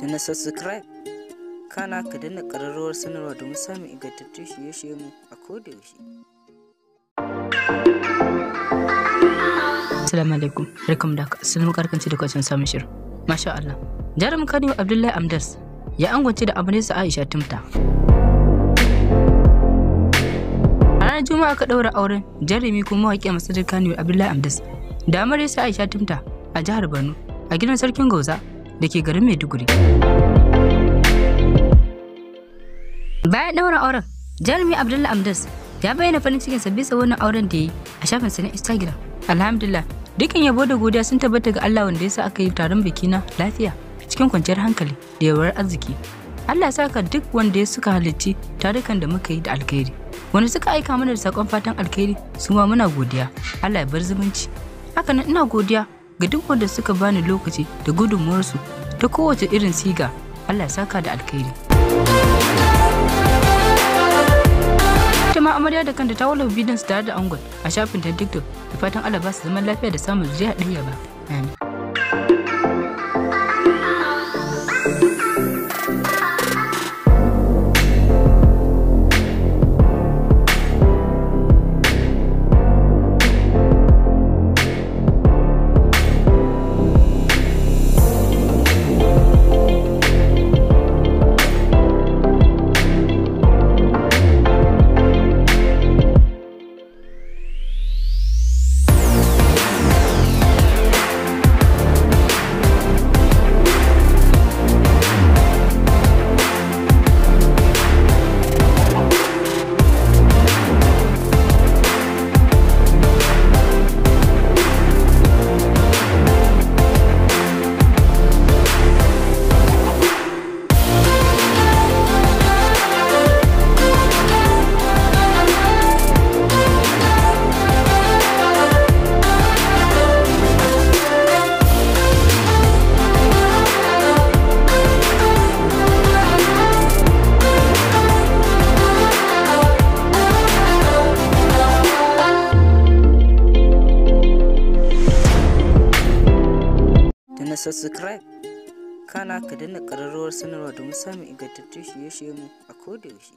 da na subscribe kana ka dana kararrawar sanarwa domin samun ingantattun shirye-shirye mu a kodayaushe. Assalamu alaikum, barkamu da sun mu karkanci da kwacin samun shiru Masha Allah. jarumin Kano Abdullahi Amdas ya angwance da amarinsa Aisha Tumta. A ranar Juma'a ka ɗaura auren jarumi kuma mawaƙi a masarautar Kano Abdullahi Amdas da amarinsa Aisha Tumta a jihar Borno a gidan sarkin Gauza da ke garin Maiduguri. Bayan ɗaura auren, Jarumi Abdullahi Amdas ya bayyana farin cikin sa bisa wannan auren da ya yi a shafinsa na Instagram. Alhamdulillah, dukkan yabo da godiya sun tabbata ga Allah wanda ya sa aka yi taron biki na lafiya cikin kwanciyar hankali da yawar arziki. Allah ya saka duk wanda ya suka halarci tarukan da muka yi da alkhairi. Wanda suka aika mana da sakon fatan alkhairi su ma muna godiya. Allah ya bar zumunci. Hakanan ina godiya ga duk wanda suka bani lokaci da gudunmuwarsu ta kowace irin siga Allah ya saka da alkhairi. Ita ma amarya da kanta ta wallafa bidiyon su tare da angon a shafin ta TikTok da fatan Allah ba su zaman lafiya da samun a ɗaya ba. Amin. subscribe kana ka danna ƙararrawar sanarwa domin samun ingantattun shirye-shiryenmu a kodayaushe